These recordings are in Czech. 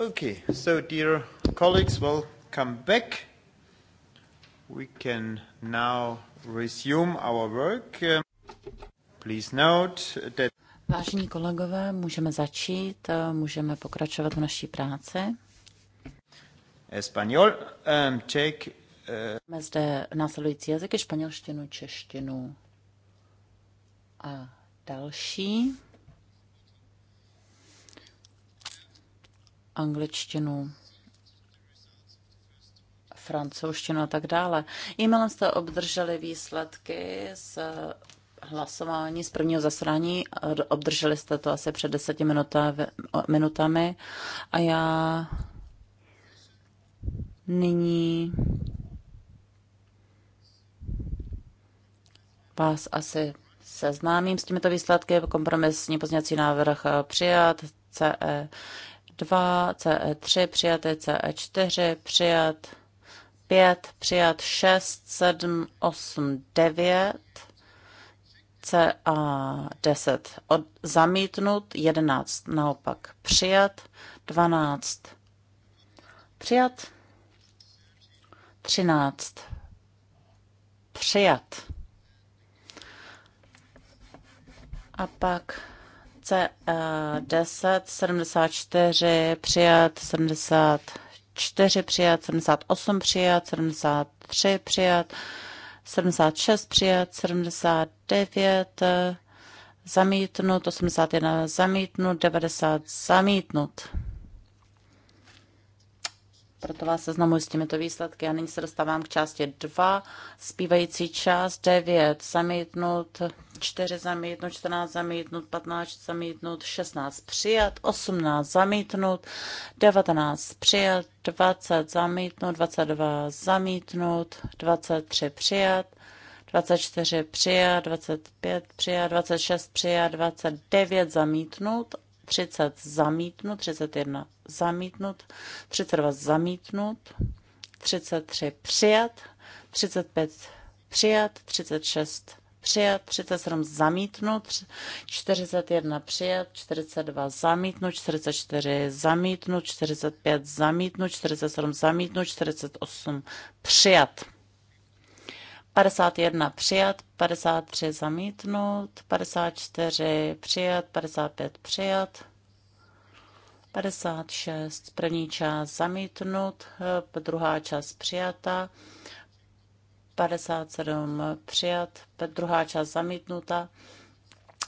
Okay, so dear colleagues, welcome back. We can now resume our work. Um, please note that... Vážení kolegové, můžeme začít, eh, můžeme pokračovat v naší práci. Espanol, um, Czech, uh... Máme zde následující jazyky, španělštinu, češtinu a další. angličtinu, francouzštinu a tak dále. E-mailem jste obdrželi výsledky z hlasování z prvního zasrání. Obdrželi jste to asi před deseti minutami a já nyní vás asi seznámím s těmito výsledky. Kompromisní pozněcí návrh přijat, CE 2, CE3 e přijat, CE4 přijat, 5 přijat, 6, 7, 8, 9, CA10 od, zamítnut, 11 naopak přijat, 12 přijat, 13 přijat. A pak 10, 74 eh, přijat, 74 přijat, 78 přijat, 73 přijat, 76 přijat, 79 eh, zamítnut, 81 zamítnut, 90 zamítnut. Proto vás seznamuji s těmito výsledky a nyní se dostávám k části 2. Zpívající část 9 zamítnut, 4 zamítnut, 14 zamítnut, 15 zamítnut, 16 přijat, 18 zamítnut, 19 přijat, 20 zamítnut, 22 zamítnut, 23 přijat, 24 přijat, 25 přijat, 26 přijat, 29 zamítnut 30 zamítnut, 31 zamítnut, 32 zamítnut, 33 přijat, 35 přijat, 36 přijat, 37 zamítnut, 41 přijat, 42 zamítnut, 44 zamítnut, 45 zamítnut, 47 zamítnut, 48 přijat. 51 přijat, 53 zamítnut, 54 přijat, 55 přijat, 56 první část zamítnut, eh, druhá část přijata, 57 přijat, druhá část zamítnuta,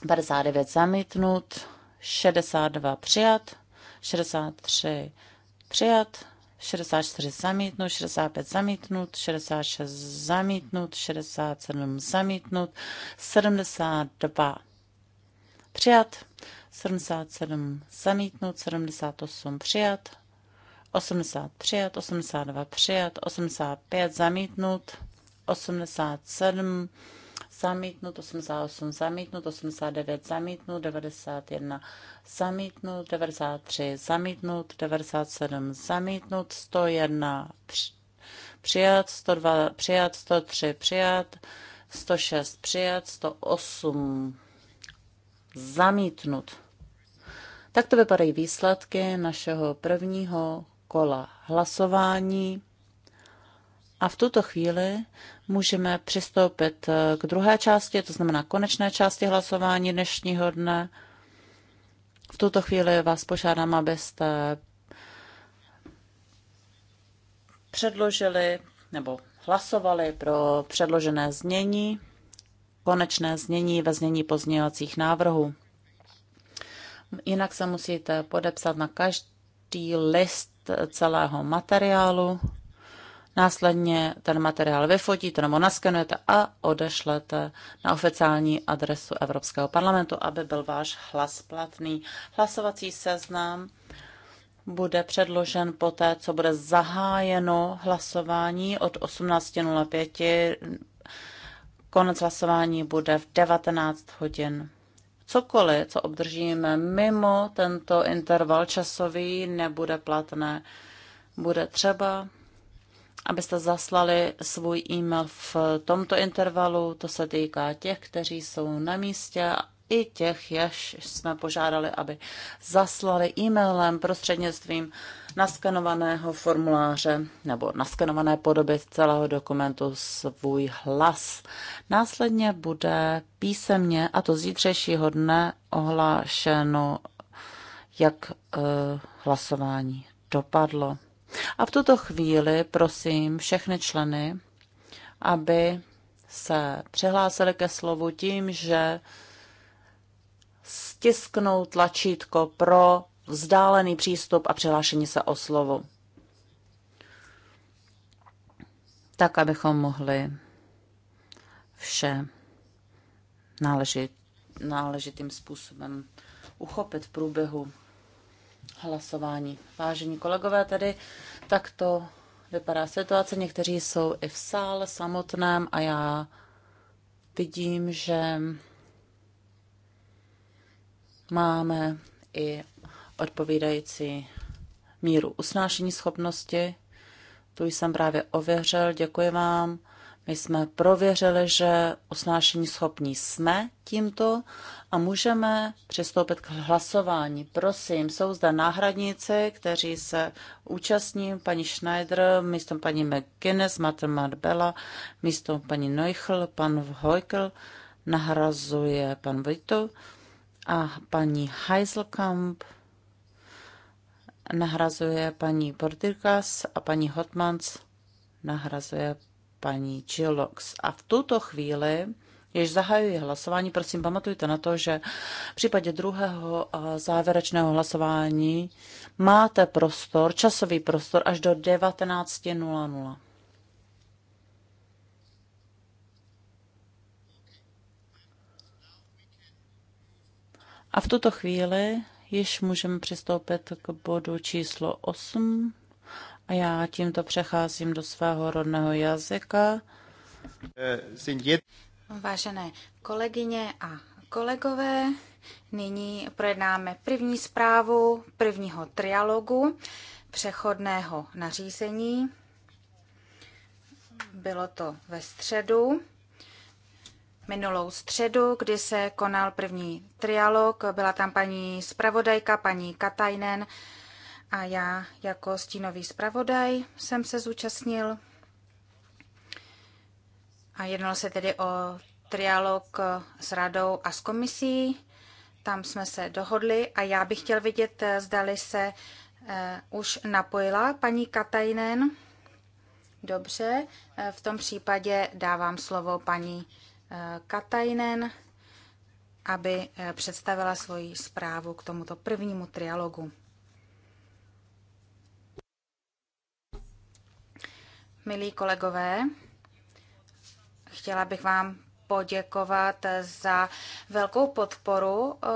59 zamítnut, 62 přijat, 63 přijat, 64 zamítnut, 65 zamítnut, 66 zamítnut, 67 zamítnut, 72 přijat, 77 zamítnut, 78 přijat, 80 přijat, 82 přijat, 85 zamítnut, 87 zamítnut, 88 zamítnut, 89 zamítnut, 91 zamítnut, 93 zamítnut, 97 zamítnut, 101 přijat, 102 přijat, 103 přijat, 106 přijat, 108 zamítnut. Tak to vypadají výsledky našeho prvního kola hlasování. A v tuto chvíli můžeme přistoupit eh, k druhé části, to znamená konečné části hlasování dnešního dne. V tuto chvíli vás požádám, abyste předložili nebo hlasovali pro předložené znění, konečné znění ve znění pozměňovacích návrhů. Jinak se musíte podepsat na každý list celého materiálu Následně ten materiál vyfotíte nebo naskenujete a odešlete na oficiální adresu Evropského parlamentu, aby byl váš hlas platný. Hlasovací seznam bude předložen poté, co bude zahájeno hlasování od 18.05. Konec hlasování bude v 19 hodin. Cokoliv, co obdržíme mimo tento interval časový, nebude platné. Bude třeba abyste zaslali svůj e-mail v tomto intervalu. To se týká těch, kteří jsou na místě i těch, jež jsme požádali, aby zaslali e-mailem prostřednictvím naskenovaného formuláře nebo naskenované podoby celého dokumentu svůj hlas. Následně bude písemně, a to zítřejšího dne, ohlášeno, jak e, hlasování dopadlo. A v tuto chvíli prosím všechny členy, aby se přihlásili ke slovu tím, že stisknou tlačítko pro vzdálený přístup a přihlášení se o slovo. Tak, abychom mohli vše náležit, náležitým způsobem uchopit v průběhu hlasování. Vážení kolegové, tedy takto vypadá situace. Někteří jsou i v sále samotném a já vidím, že máme i odpovídající míru usnášení schopnosti. Tu jsem právě ověřil. Děkuji vám. My jsme prověřili, že osnášení schopní jsme tímto a můžeme přistoupit k hlasování. Prosím, jsou zde náhradníci, kteří se účastní, paní Schneider, místo paní McGuinness, Martin Marbella, místo paní Neuchl, pan Hojkl, nahrazuje pan Vito a paní Heiselkamp nahrazuje paní Bordirkas a paní Hotmans nahrazuje paní Chilox. A v tuto chvíli Jež zahajuji hlasování, prosím pamatujte na to, že v případě druhého závěrečného hlasování máte prostor, časový prostor až do 19.00. A v tuto chvíli již můžeme přistoupit k bodu číslo 8, a já tímto přecházím do svého rodného jazyka. Vážené kolegyně a kolegové, nyní projednáme první zprávu prvního trialogu přechodného nařízení. Bylo to ve středu minulou středu, kdy se konal první trialog. Byla tam paní zpravodajka, paní Katajnen a já jako stínový zpravodaj jsem se zúčastnil a jednalo se tedy o trialog s radou a s komisí. Tam jsme se dohodli a já bych chtěl vidět, zdali se eh, už napojila paní Katajnen. Dobře, eh, v tom případě dávám slovo paní eh, Katajnen, aby eh, představila svoji zprávu k tomuto prvnímu trialogu. Milí kolegové, chtěla bych vám poděkovat za velkou podporu, eh,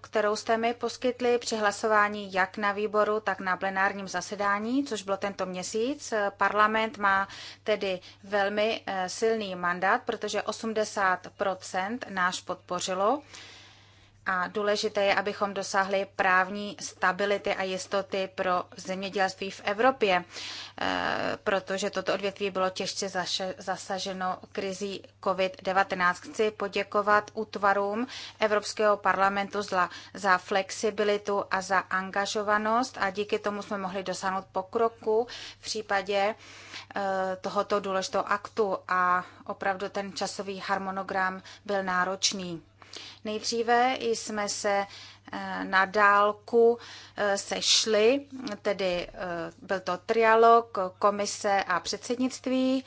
kterou jste mi poskytli při hlasování jak na výboru, tak na plenárním zasedání, což bylo tento měsíc. Parlament má tedy velmi eh, silný mandát, protože 80 nás podpořilo. A důležité je, abychom dosáhli právní stability a jistoty pro zemědělství v Evropě, eh, protože toto odvětví bylo těžce zasaženo krizí COVID-19. Chci poděkovat útvarům Evropského parlamentu za flexibilitu a za angažovanost a díky tomu jsme mohli dosáhnout pokroku v případě eh, tohoto důležitého aktu a opravdu ten časový harmonogram byl náročný. Nejdříve jsme se eh, na dálku eh, sešli, tedy eh, byl to trialog komise a předsednictví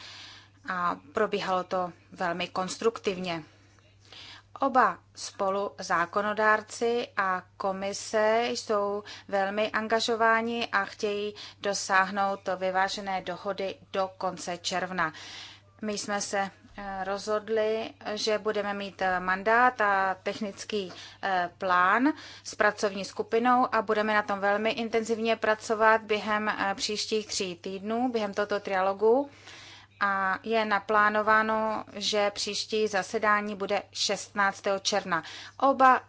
a probíhalo to velmi konstruktivně. Oba spolu zákonodárci a komise jsou velmi angažováni a chtějí dosáhnout vyvážené dohody do konce června. My jsme se eh, rozhodli, že budeme mít eh, mandát a technický eh, plán s pracovní skupinou a budeme na tom velmi intenzivně pracovat během příštích tří týdnů, během tohoto trialogu. A je naplánováno, že příští zasedání bude 16. června. Oba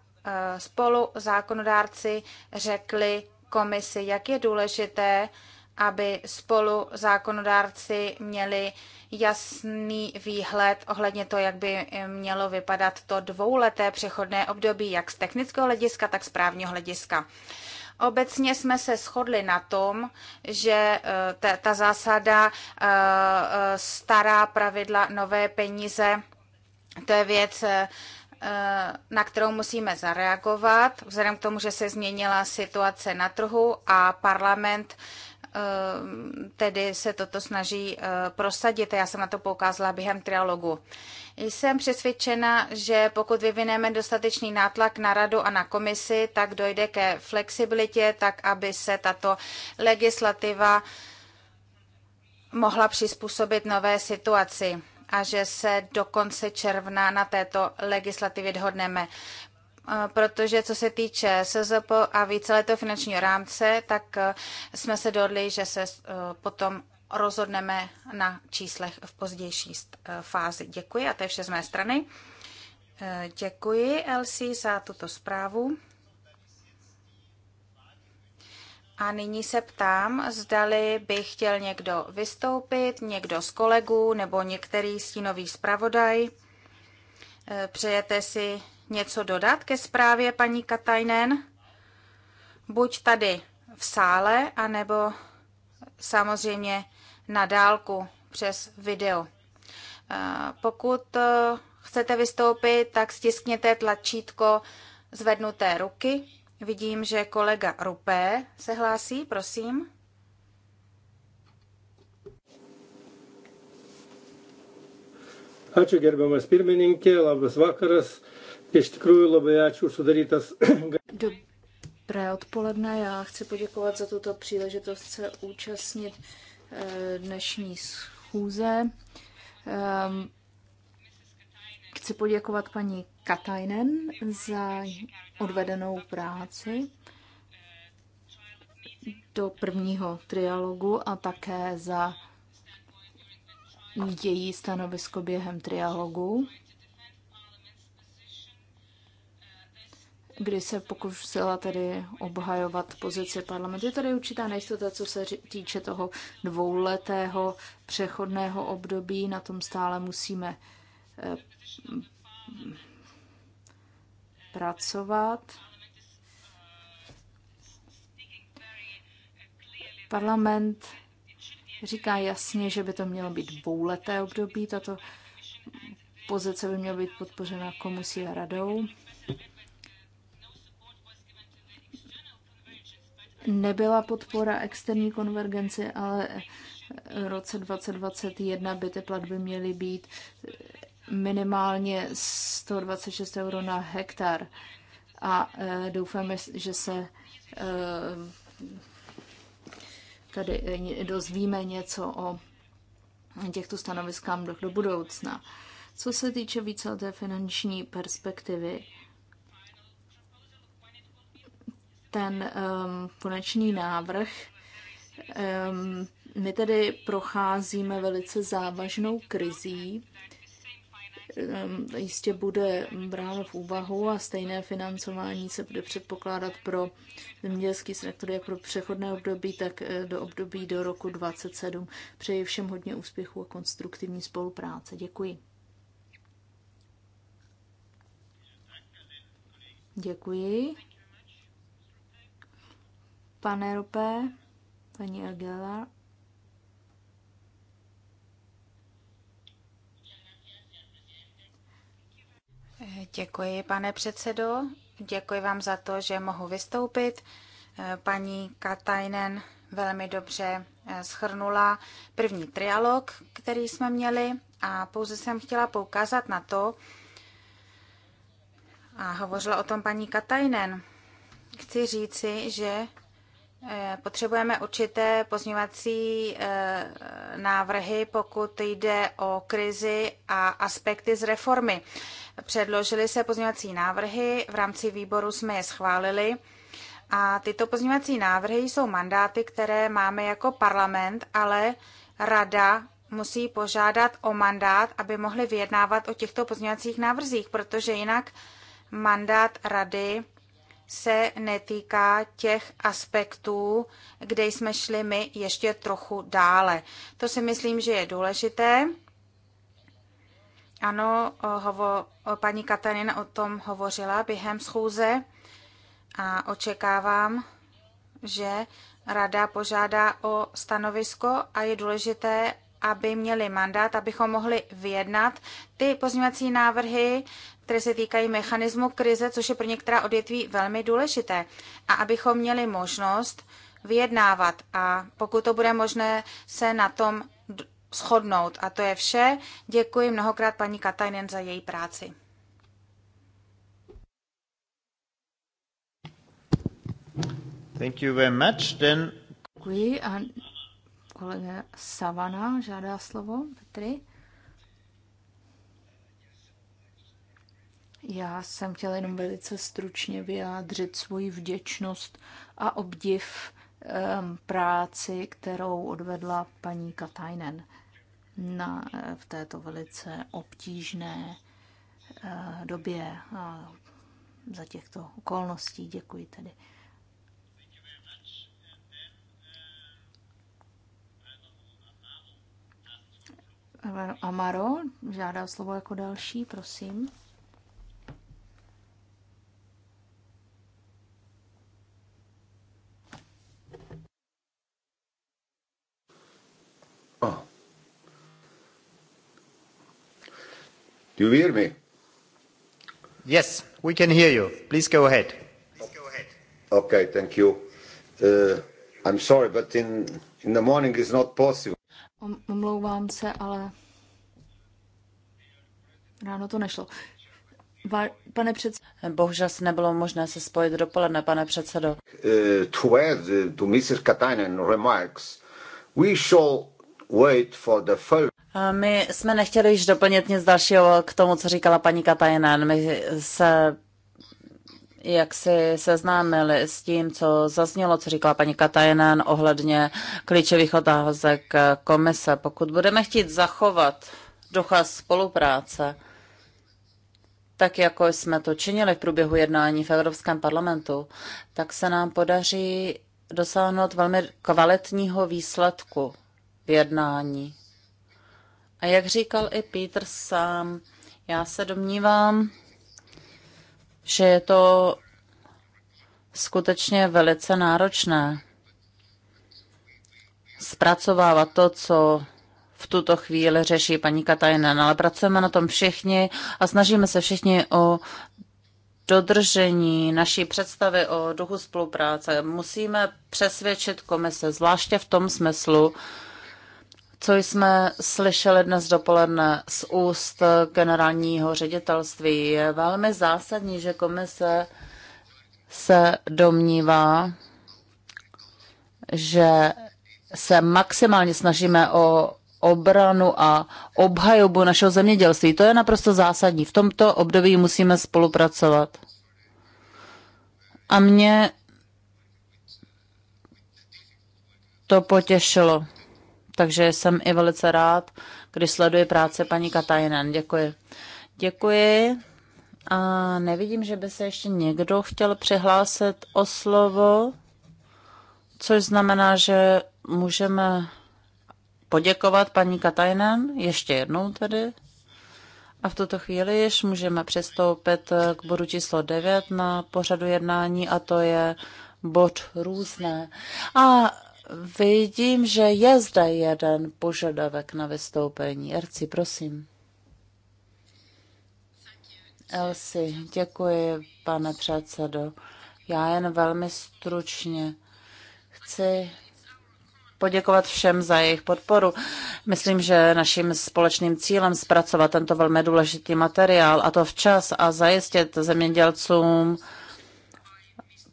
spolu zákonodárci řekli komisi, jak je důležité, aby spolu zákonodárci měli jasný výhled ohledně toho, jak by eh, mělo vypadat to dvouleté přechodné období, jak z technického hlediska, tak z právního hlediska. Obecně jsme se shodli na tom, že eh, ta, ta zásada eh, stará pravidla, nové peníze, to je věc, na kterou musíme zareagovat, vzhledem k tomu, že se změnila situace na trhu a parlament Eh, tedy se toto snaží eh, prosadit. Já jsem na to poukázala během trialogu. Jsem přesvědčena, že pokud vyvineme dostatečný nátlak na radu a na komisi, tak dojde ke flexibilitě, tak aby se tato legislativa mohla přizpůsobit nové situaci a že se do konce června na této legislativě dohodneme protože co se týče SZP a víceletého finančního rámce, tak e, jsme se dohodli, že se e, potom rozhodneme na číslech v pozdější e, fázi. Děkuji a to je vše z mé strany. Děkuji, Elsie, za tuto zprávu. A nyní se ptám, zdali by chtěl někdo vystoupit, někdo z kolegů nebo některý stínový zpravodaj. Přejete si něco dodat ke zprávě paní Katajnen, buď tady v sále, anebo samozřejmě na dálku přes video. Eh, pokud eh, chcete vystoupit, tak stiskněte tlačítko zvednuté ruky. Vidím, že kolega Rupé se hlásí, prosím. Ačiū gerbiamas pirmininkė, labas vakaras. Iš tikrųjų labai ačiū sudarytas. Dobré odpoledne, já chci poděkovat za tuto příležitost se účastnit eh, dnešní schůze. Ehm, chci poděkovat paní Katajnen za odvedenou práci do prvního trialogu a také za její stanovisko během trialogu. kdy se pokusila tedy obhajovat pozici parlamentu. Je tady určitá nejistota, co se týče toho dvouletého přechodného období. Na tom stále musíme eh, pracovat. Parlament říká jasně, že by to mělo být dvouleté období. Tato pozice by měla být podpořena komisí a radou nebyla podpora externí konvergenci, ale v roce 2021 by ty platby měly být minimálně 126 euro na hektar. A e, doufáme, že se e, tady dozvíme něco o těchto stanoviskách do budoucna. Co se týče víceleté finanční perspektivy, ten um, konečný návrh. Um, my tedy procházíme velice závažnou krizí. Um, jistě bude bráno v úvahu a stejné financování se bude předpokládat pro zemědělský sektor jak pro přechodné období, tak eh, do období do roku 2027. Přeji všem hodně úspěchu a konstruktivní spolupráce. Děkuji. Děkuji. Pane Rupé, paní Agela, Děkuji, pane předsedo. Děkuji vám za to, že mohu vystoupit. Paní Katajnen velmi dobře eh, schrnula první trialog, který jsme měli a pouze jsem chtěla poukázat na to, a hovořila o tom paní Katajnen, chci říci, že Eh, potřebujeme určité pozměňovací eh, návrhy, pokud jde o krizi a aspekty z reformy. Předložili se pozměňovací návrhy, v rámci výboru jsme je schválili. A tyto pozměňovací návrhy jsou mandáty, které máme jako parlament, ale rada musí požádat o mandát, aby mohli vyjednávat o těchto pozměňovacích návrzích, protože jinak mandát rady se netýká těch aspektů, kde jsme šli my ještě trochu dále. To si myslím, že je důležité. Ano, hovo, paní Katarina o tom hovořila během schůze a očekávám, že rada požádá o stanovisko a je důležité, aby měli mandát, abychom mohli vyjednat ty pozměňovací návrhy, které se týkají mechanismu krize, což je pro některá odvětví velmi důležité. A abychom měli možnost vyjednávat a pokud to bude možné, se na tom shodnout. A to je vše. Děkuji mnohokrát paní Katajnen za její práci. Thank you very much. Then... Děkuji a Kolega Savana žádá slovo, Petry. Já jsem chtěla jenom velice stručně vyjádřit svoji vděčnost a obdiv um, práci, kterou odvedla paní Katajnen na, eh, v této velice obtížné uh, době a za těchto okolností. Děkuji tedy. Amaro žádá slovo jako další, prosím. Oh. Do you hear me? Yes, we can hear you. Please go ahead. Please go ahead. Okay, thank you. Uh, I'm sorry, but in, in the morning it's not possible. Omlouvám se, ale ráno to nešlo. Pane předsedo. Bohužel se nebylo možné se spojit dopoledne, pane předsedo. To add to Mrs. Katainen remarks, we shall wait for the first... My jsme nechtěli již doplnit nic dalšího k tomu, co říkala paní Katajinen. My se jak si seznámili s tím, co zaznělo, co říkala paní Katajenen ohledně klíčových otázek komise. Pokud budeme chtít zachovat ducha spolupráce, tak jako jsme to činili v průběhu jednání v Evropském parlamentu, tak se nám podaří dosáhnout velmi kvalitního výsledku v jednání. A jak říkal i Peter sám, já se domnívám, že je to skutečně velice náročné zpracovávat to, co v tuto chvíli řeší paní Katajnen, ale pracujeme na tom všichni a snažíme se všichni o dodržení naší představy o duchu spolupráce. Musíme přesvědčit komise, zvláště v tom smyslu, co jsme slyšeli dnes dopoledne z úst generálního ředitelství. Je velmi zásadní, že komise se domnívá, že se maximálně snažíme o obranu a obhajobu našeho zemědělství. To je naprosto zásadní. V tomto období musíme spolupracovat. A mě to potěšilo. Takže jsem i velice rád, když sleduji práce paní Katajnen. Děkuji. Děkuji. A nevidím, že by se ještě někdo chtěl přihlásit o slovo, což znamená, že můžeme poděkovat paní Katajnen ještě jednou tedy. A v tuto chvíli již můžeme přistoupit k bodu číslo 9 na pořadu jednání a to je bod různé. A vidím, že je zde jeden požadavek na vystoupení. Erci, prosím. Elsi, děkuji, pane předsedo. Já jen velmi stručně chci poděkovat všem za jejich podporu. Myslím, že naším společným cílem zpracovat tento velmi důležitý materiál a to včas a zajistit zemědělcům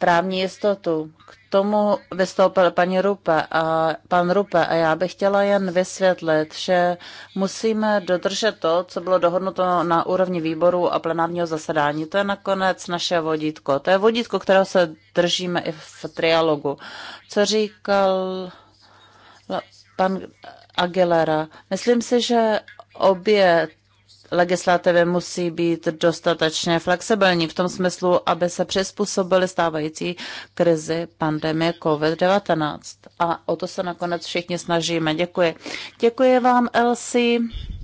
právní jistotu. K tomu vystoupil paní Rupe a pan Rupe a já bych chtěla jen vysvětlit, že musíme dodržet to, co bylo dohodnuto na úrovni výboru a plenárního zasedání. To je nakonec naše vodítko. To je vodítko, kterého se držíme i v trialogu. Co říkal pan Aguilera? Myslím si, že obě legislativy musí být dostatečně flexibilní v tom smyslu, aby se přizpůsobili stávající krizi pandemie COVID-19. A o to se nakonec všichni snažíme. Děkuji. Děkuji vám, Elsie.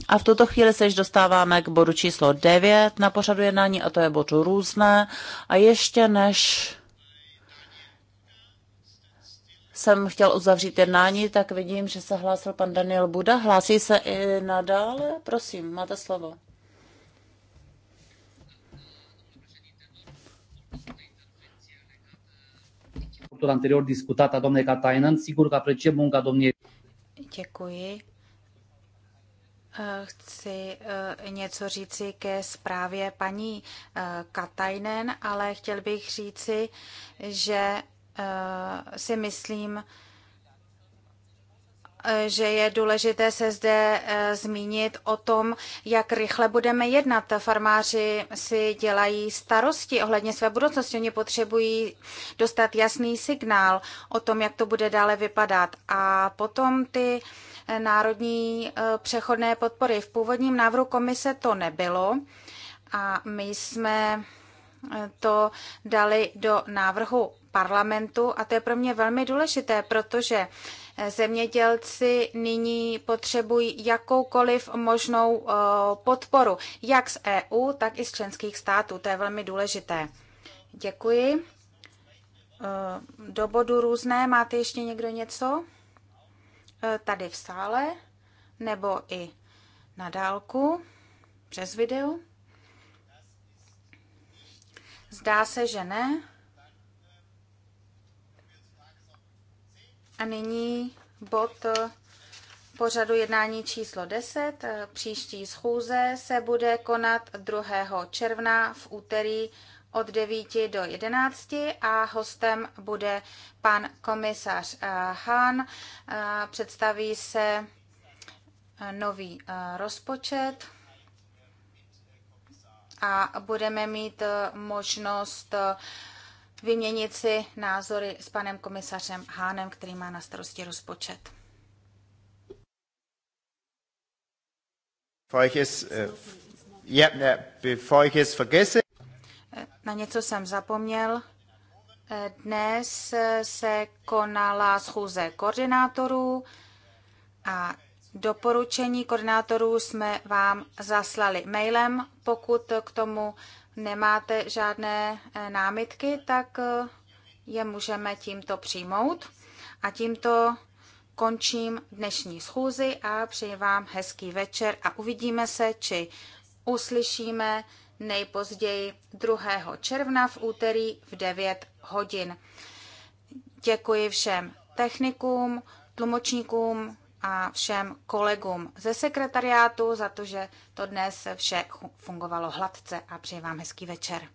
A v tuto chvíli se již dostáváme k bodu číslo 9 na pořadu jednání, a to je bod různé. A ještě než jsem chtěl uzavřít jednání, tak vidím, že se hlásil pan Daniel Buda. Hlásí se i nadále? Prosím, máte slovo. raportul anterior discutat a doamnei Katainen. Sigur că apreciem munca domniei. Děkuji. Eh, chci eh, něco říci ke zprávě paní eh, Katajnen, ale chtěl bych říci, že Eh, si myslím, eh, že je důležité se zde eh, zmínit o tom, jak rychle budeme jednat. Farmáři si dělají starosti ohledně své budoucnosti. Oni potřebují dostat jasný signál o tom, jak to bude dále vypadat. A potom ty národní přechodné podpory. V původním návrhu komise to nebylo a my jsme to dali do návrhu parlamentu a to je pro mě velmi důležité, protože eh, zemědělci nyní potřebují jakoukoliv možnou eh, podporu, jak z EU, tak i z členských států. To je velmi důležité. Děkuji. Eh, do bodu různé máte ještě někdo něco? Tady v sále nebo i na dálku přes video? Zdá se, že ne. A nyní bod pořadu jednání číslo 10. Příští schůze se bude konat 2. června v úterý od 9 do 11 a hostem bude pan komisař eh, Hahn. Eh, představí se eh, nový rozpočet a budeme mít možnost vyměnit si názory s panem komisařem Hánem, který má na starosti rozpočet. Äh, äh, na něco jsem zapomněl. Äh, dnes se konala schůze koordinátorů a doporučení koordinátorů jsme vám zaslali mailem. Pokud k tomu nemáte žádné eh, námitky, tak eh, je můžeme tímto přijmout. A tímto končím dnešní schůzi a přeji vám hezký večer a uvidíme se, či uslyšíme nejpozději 2. června v úterý v 9 hodin. Děkuji všem technikům, tlumočníkům, a všem kolegům ze sekretariátu za to, že to dnes vše fungovalo hladce a přeji vám hezký večer.